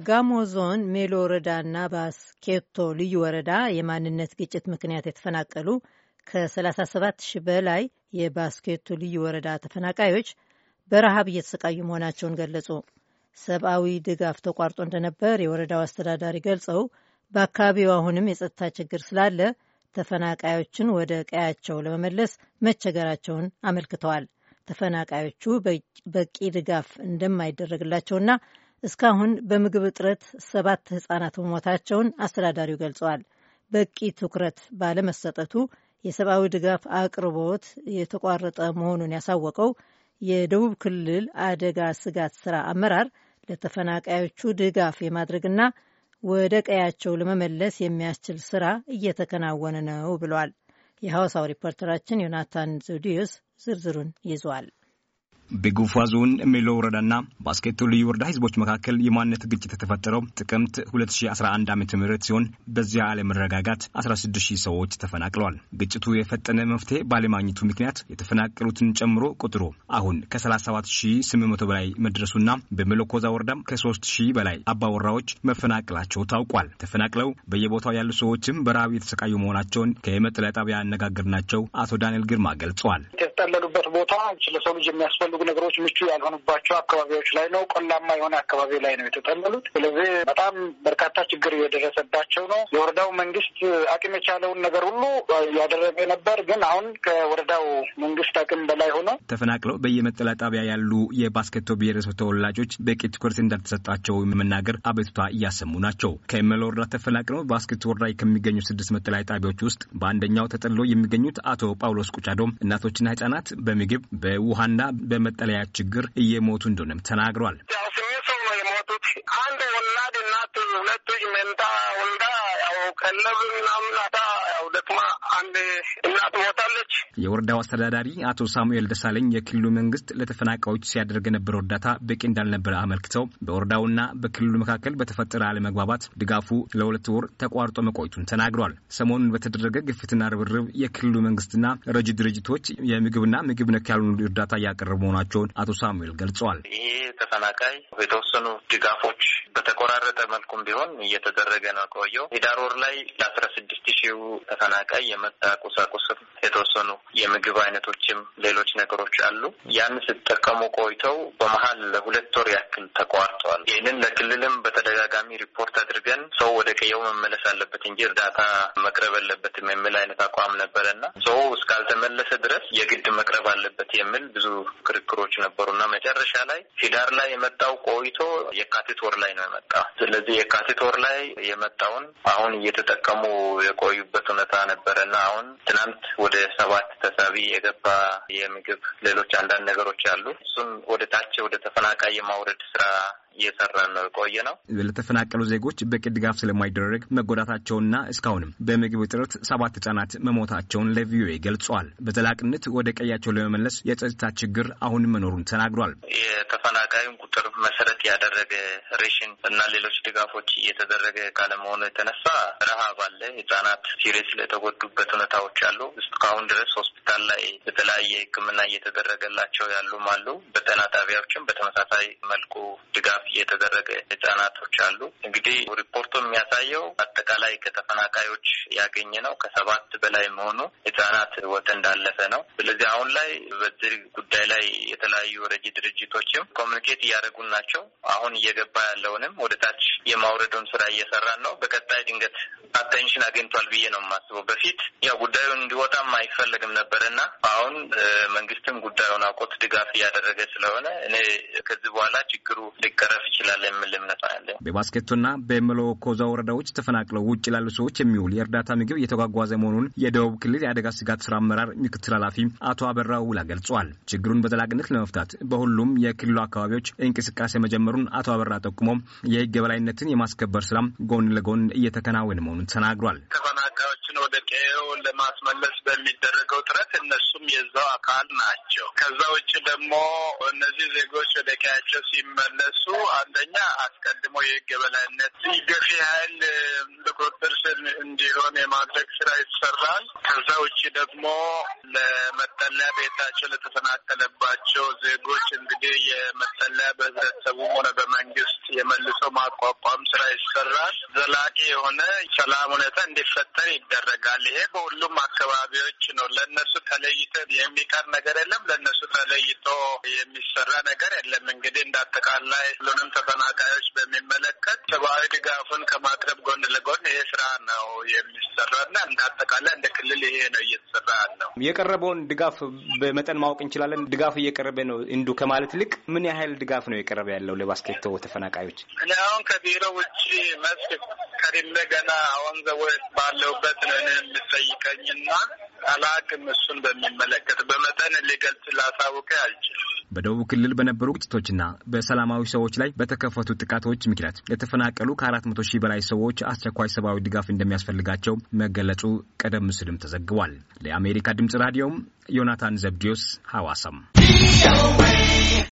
በጋሞ ዞን ሜሎ ወረዳና ባስኬቶ ልዩ ወረዳ የማንነት ግጭት ምክንያት የተፈናቀሉ ከ37 ሺህ በላይ የባስኬቶ ልዩ ወረዳ ተፈናቃዮች በረሃብ እየተሰቃዩ መሆናቸውን ገለጹ። ሰብአዊ ድጋፍ ተቋርጦ እንደነበር የወረዳው አስተዳዳሪ ገልጸው በአካባቢው አሁንም የጸጥታ ችግር ስላለ ተፈናቃዮችን ወደ ቀያቸው ለመመለስ መቸገራቸውን አመልክተዋል። ተፈናቃዮቹ በቂ ድጋፍ እንደማይደረግላቸውና እስካሁን በምግብ እጥረት ሰባት ህጻናት መሞታቸውን አስተዳዳሪው ገልጸዋል። በቂ ትኩረት ባለመሰጠቱ የሰብአዊ ድጋፍ አቅርቦት የተቋረጠ መሆኑን ያሳወቀው የደቡብ ክልል አደጋ ስጋት ስራ አመራር ለተፈናቃዮቹ ድጋፍ የማድረግና ወደ ቀያቸው ለመመለስ የሚያስችል ስራ እየተከናወነ ነው ብሏል። የሐዋሳው ሪፖርተራችን ዮናታን ዘውዲዮስ ዝርዝሩን ይዟል። በጎፋ ዞን ሜሎ ወረዳና ባስኬቶ ልዩ ወረዳ ህዝቦች መካከል የማንነት ግጭት የተፈጠረው ጥቅምት 2011 ዓ ም ሲሆን በዚያ አለመረጋጋት 160 ሰዎች ተፈናቅለዋል። ግጭቱ የፈጠነ መፍትሄ ባለማግኘቱ ምክንያት የተፈናቀሉትን ጨምሮ ቁጥሩ አሁን ከ37800 በላይ መድረሱና በመለኮዛ ወረዳም ከ3000 በላይ አባወራዎች መፈናቀላቸው ታውቋል። ተፈናቅለው በየቦታው ያሉ ሰዎችም በረሃብ የተሰቃዩ መሆናቸውን ከመጠለያ ጣቢያ ያነጋገርናቸው አቶ ዳንኤል ግርማ ገልጸዋል። የተጠለሉበት ቦታ ለሰው ልጅ የሚያስፈልጉ ነገሮች ምቹ ያልሆኑባቸው አካባቢዎች ላይ ነው። ቆላማ የሆነ አካባቢ ላይ ነው የተጠለሉት። ስለዚህ በጣም በርካታ ችግር እየደረሰባቸው ነው። የወረዳው መንግስት አቅም የቻለውን ነገር ሁሉ እያደረገ ነበር። ግን አሁን ከወረዳው መንግስት አቅም በላይ ሆኖ ተፈናቅለው በየመጠለያ ጣቢያ ያሉ የባስኬቶ ብሔረሰብ ተወላጆች በቂ ትኩረት እንዳልተሰጣቸው መናገር አቤቱታ እያሰሙ ናቸው። ከመለ ወረዳ ተፈናቅለው ባስኬቶ ወረዳ ከሚገኙ ስድስት መጠለያ ጣቢያዎች ውስጥ በአንደኛው ተጠልሎ የሚገኙት አቶ ጳውሎስ ቁጫዶም እናቶችና ህጻናት በምግብ ምግብ፣ በውሃና በመጠለያ ችግር እየሞቱ እንደሆነም ተናግሯል። ያው ስምንት ሰው ነው የሞቱት። አንድ ወላድ እናት፣ ሁለቱ መንታ ወልዳ ቀለብ ምናምን ያው ደክማ አንድ እናት ሞታለች። የወረዳው አስተዳዳሪ አቶ ሳሙኤል ደሳለኝ የክልሉ መንግስት ለተፈናቃዮች ሲያደርግ የነበረው እርዳታ በቂ እንዳልነበረ አመልክተው በወረዳውና በክልሉ መካከል በተፈጠረ አለመግባባት ድጋፉ ለሁለት ወር ተቋርጦ መቆይቱን ተናግሯል። ሰሞኑን በተደረገ ግፊትና ርብርብ የክልሉ መንግስትና ረጅ ድርጅቶች የምግብና ምግብ ነክ ያልሆኑ እርዳታ እያቀረቡ መሆናቸውን አቶ ሳሙኤል ገልጸዋል። ይህ ተፈናቃይ የተወሰኑ ድጋፎች በተቆራረጠ መልኩም ቢሆን እየተደረገ ነው ቆየው ሂዳር ወር ላይ ለአስራ ስድስት ሺው ተፈናቃይ የመጣ ቁሳቁስም የተወሰኑ የምግብ አይነቶችም ሌሎች ነገሮች አሉ። ያን ስጠቀሙ ቆይተው በመሀል ለሁለት ወር ያክል ተቋርጠዋል። ይህንን ለክልልም በተደጋጋሚ ሪፖርት አድርገን ሰው ወደ ቀየው መመለስ አለበት እንጂ እርዳታ መቅረብ አለበትም የሚል አይነት አቋም ነበረና ሰው እስካልተመለሰ ድረስ የግድ መቅረብ አለበት የሚል ብዙ ክርክሮች ነበሩና መጨረሻ ላይ ሂዳር ላይ የመጣው ቆይቶ የካቲት ወር ላይ ነው የመጣው። ስለዚህ የካቲት ወር ላይ የመጣውን አሁን እየተጠቀሙ የቆዩበት ሁኔታ ነበረ እና አሁን ትናንት ወደ ሰባት ተሳቢ የገባ የምግብ ሌሎች አንዳንድ ነገሮች አሉ። እሱን ወደ ታች ወደ ተፈናቃይ የማውረድ ስራ እየሰራን ነው የቆየ ነው። ለተፈናቀሉ ዜጎች በቂ ድጋፍ ስለማይደረግ መጎዳታቸውና እስካሁንም በምግብ እጥረት ሰባት ህጻናት መሞታቸውን ለቪኦኤ ገልጿል። በዘላቅነት ወደ ቀያቸው ለመመለስ የጸጥታ ችግር አሁን መኖሩን ተናግሯል። የተፈናቃዩን ቁጥር መሰረት ያደረገ ሬሽን እና ሌሎች ድጋፎች እየተደረገ ካለመሆኑ የተነሳ ረሃብ አለ። ህጻናት ሲሬስ ለተጎዱበት ሁኔታዎች አሉ። እስካሁን ድረስ ሆስፒታል ላይ የተለያየ ሕክምና እየተደረገላቸው ያሉም አሉ። በጤና ጣቢያዎችም በተመሳሳይ መልኩ ድጋፍ የተደረገ ህጻናቶች አሉ። እንግዲህ ሪፖርቱ የሚያሳየው አጠቃላይ ከተፈናቃዮች ያገኘ ነው ከሰባት በላይ መሆኑ ህጻናት ወጥ እንዳለፈ ነው። ስለዚህ አሁን ላይ በዚህ ጉዳይ ላይ የተለያዩ ረጂ ድርጅቶችም ኮሚኒኬት እያደረጉን ናቸው። አሁን እየገባ ያለውንም ወደ ታች የማውረዱን ስራ እየሰራን ነው። በቀጣይ ድንገት አቴንሽን አግኝቷል ብዬ ነው የማስበው። በፊት ያው ጉዳዩ እንዲወጣም አይፈለግም ነበር እና አሁን መንግስትም ጉዳዩን አውቆት ድጋፍ እያደረገ ስለሆነ እኔ ከዚህ በኋላ ችግሩ ሊቀ መተረፍ ይችላል የሚል እምነት ነው በባስኬቶና በመሎኮዛ ወረዳዎች ተፈናቅለው ውጭ ላሉ ሰዎች የሚውል የእርዳታ ምግብ እየተጓጓዘ መሆኑን የደቡብ ክልል የአደጋ ስጋት ስራ አመራር ምክትል ኃላፊ አቶ አበራ ውላ ገልጿል። ችግሩን በዘላቂነት ለመፍታት በሁሉም የክልሉ አካባቢዎች እንቅስቃሴ መጀመሩን አቶ አበራ ጠቁሞ የህግ የበላይነትን የማስከበር ስራም ጎን ለጎን እየተከናወነ መሆኑን ተናግሯል። ተፈናቃዮች ሰዎችን ወደ ቀዬው ለማስመለስ በሚደረገው ጥረት እነሱም የዛው አካል ናቸው። ከዛ ውጭ ደግሞ እነዚህ ዜጎች ወደ ቀያቸው ሲመለሱ አንደኛ አስቀድሞ የህግ የበላይነት ገፊ ኃይል በቁጥጥር ስር እንዲሆን የማድረግ ስራ ይሰራል። ከዛ ውጭ ደግሞ ለመጠለያ ቤታቸው ለተፈናቀለባቸው ዜጎች እንግዲህ የመጠለያ በህብረተሰቡም ሆነ በመንግስት የመልሶ ማቋቋም ስራ ይሰራል። ዘላቂ የሆነ ሰላም ሁኔታ እንዲፈጠር ይደረጋል። ይደረጋል። ይሄ በሁሉም አካባቢዎች ነው። ለእነሱ ተለይቶ የሚቀር ነገር የለም። ለእነሱ ተለይቶ የሚሰራ ነገር የለም። እንግዲህ እንዳጠቃላይ ሁሉንም ተፈናቃዮች በሚመለከት ሰብአዊ ድጋፉን ከማቅረብ ጎን ለጎን ይሄ ስራ ነው የሚሰራ ና እንዳጠቃላይ እንደ ክልል ይሄ ነው እየተሰራ ነው። የቀረበውን ድጋፍ በመጠን ማወቅ እንችላለን። ድጋፍ እየቀረበ ነው እንዱ ከማለት ይልቅ ምን ያህል ድጋፍ ነው የቀረበ ያለው ለባስኬቶ ተፈናቃዮች? እኔ አሁን ከቢሮ ውጭ መስክ ከሌለ ገና አሁን ዘወት ባለውበት ነው የምጠይቀኝና አላቅም። እሱን በሚመለከት በመጠን ሊገልጽ ላሳውቅ አልችልም። በደቡብ ክልል በነበሩ ግጭቶችና በሰላማዊ ሰዎች ላይ በተከፈቱ ጥቃቶች ምክንያት የተፈናቀሉ ከአራት መቶ ሺህ በላይ ሰዎች አስቸኳይ ሰብአዊ ድጋፍ እንደሚያስፈልጋቸው መገለጹ ቀደም ሲልም ተዘግቧል። ለአሜሪካ ድምጽ ራዲዮም ዮናታን ዘብዲዮስ ሐዋሳም